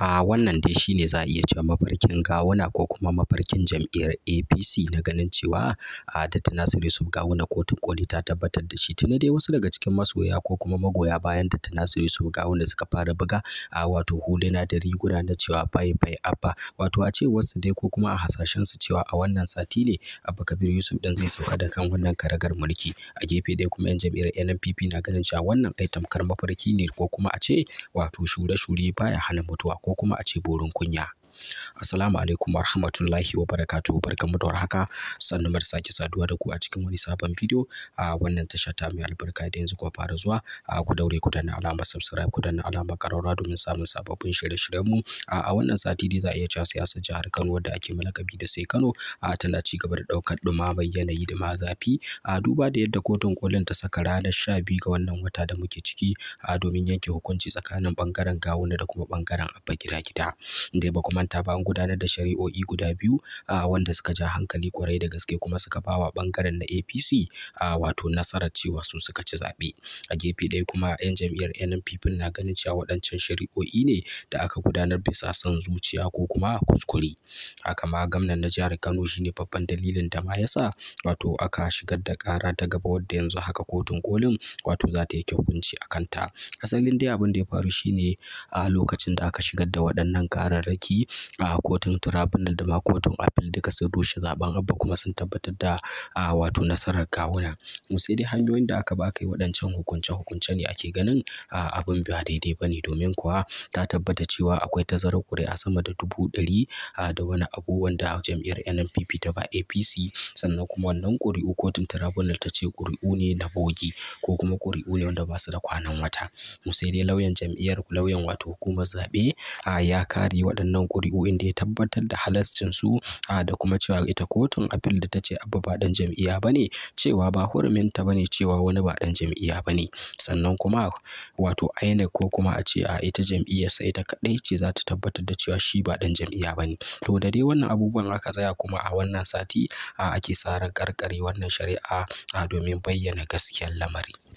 A wannan dai shi ne za a iya cewa mafarkin Gawuna ko kuma mafarkin jam'iyyar APC na ganin cewa a Dr. Nasiru Yusuf Gawuna kotun koli ta tabbatar da shi. Tuni dai wasu daga cikin masoya ko kuma magoya bayan Dr. Nasiru Yusuf Gawuna suka fara buga a wato huluna da riguna na cewa bai bai abba. Wato a ce su dai ko kuma a hasashen su cewa a wannan sati ne Abba Kabir Yusuf dan zai sauka da kan wannan karagar mulki. A gefe dai kuma 'yan jam'iyyar NNPP na ganin cewa wannan ai tamkar mafarki ne ko kuma a ce wato shure-shure baya hana mutuwa. ko kuma a ce borin kunya. Assalamu alaikum wa rahmatullahi wa da warhaka sannu mu da sake saduwa da ku a cikin wani sabon bidiyo a wannan tasha ta mai albarka da yanzu kuwa fara zuwa a ku daure ku danna alamar subscribe ku danna alamar karara domin samun sababbin shirye-shiryen mu a wannan sati dai za a iya cewa siyasar jihar Kano wadda ake malakabi da sai Kano a tana ci gaba da daukar dumamar yanayi da ma zafi a duba da yadda kotun kolin ta saka ranar 12 ga wannan wata da muke ciki a domin yanke hukunci tsakanin bangaren gawuna da kuma bangaren abba gida gida dai ba kuma manta ba an gudanar da shari'o'i guda biyu wanda suka ja hankali kwarai da gaske kuma suka bawa ɓangaren na APC wato nasarar cewa su suka ci zaɓe. A gefe ɗaya kuma 'yan jam'iyyar NNPP na ganin cewa wadancan shari'o'i ne da aka gudanar bisa son zuciya ko kuma kuskure. Haka ma gwamnan na jihar Kano shine babban dalilin da ma yasa wato aka shigar da ƙara ta gaba wadda yanzu haka kotun kolin wato za ta yanke hukunci a kanta. Asalin dai abin da ya faru shine a lokacin da aka shigar da waɗannan ƙararraki a kotun tribunal da ma kotun appeal duka sun rushe zaben abba kuma sun tabbatar da a wato nasarar kawuna sai dai hanyoyin da aka ba kai waɗancan hukunce hukunce ne ake ganin abun ba daidai ba ne domin kuwa ta tabbata cewa akwai tazarar ƙuri'a sama da dubu ɗari da wani abu wanda jam'iyyar NNPP ta ba APC sannan kuma wannan ƙuri'u kotun tribunal ta ce ƙuri'u ne na bogi ko kuma ƙuri'u ne wanda ba su da kwanan wata sai dai lauyan jam'iyyar lauyan wato hukumar zaɓe ya kare waɗannan ƙuri'o'in da ya tabbatar da halascin su da kuma cewa ita kotun apil da ta ce abu ba ɗan jam'iyya ba ne cewa ba huruminta ba ne cewa wani ba ɗan jam'iyya ba ne sannan kuma wato INEC ko kuma a ce a ita sai ita kaɗai ce za ta tabbatar da cewa shi ba ɗan jam'iyya ba ne to da dai wannan abubuwan aka tsaya kuma a wannan sati ake sa karkare wannan shari'a domin bayyana gaskiyar lamari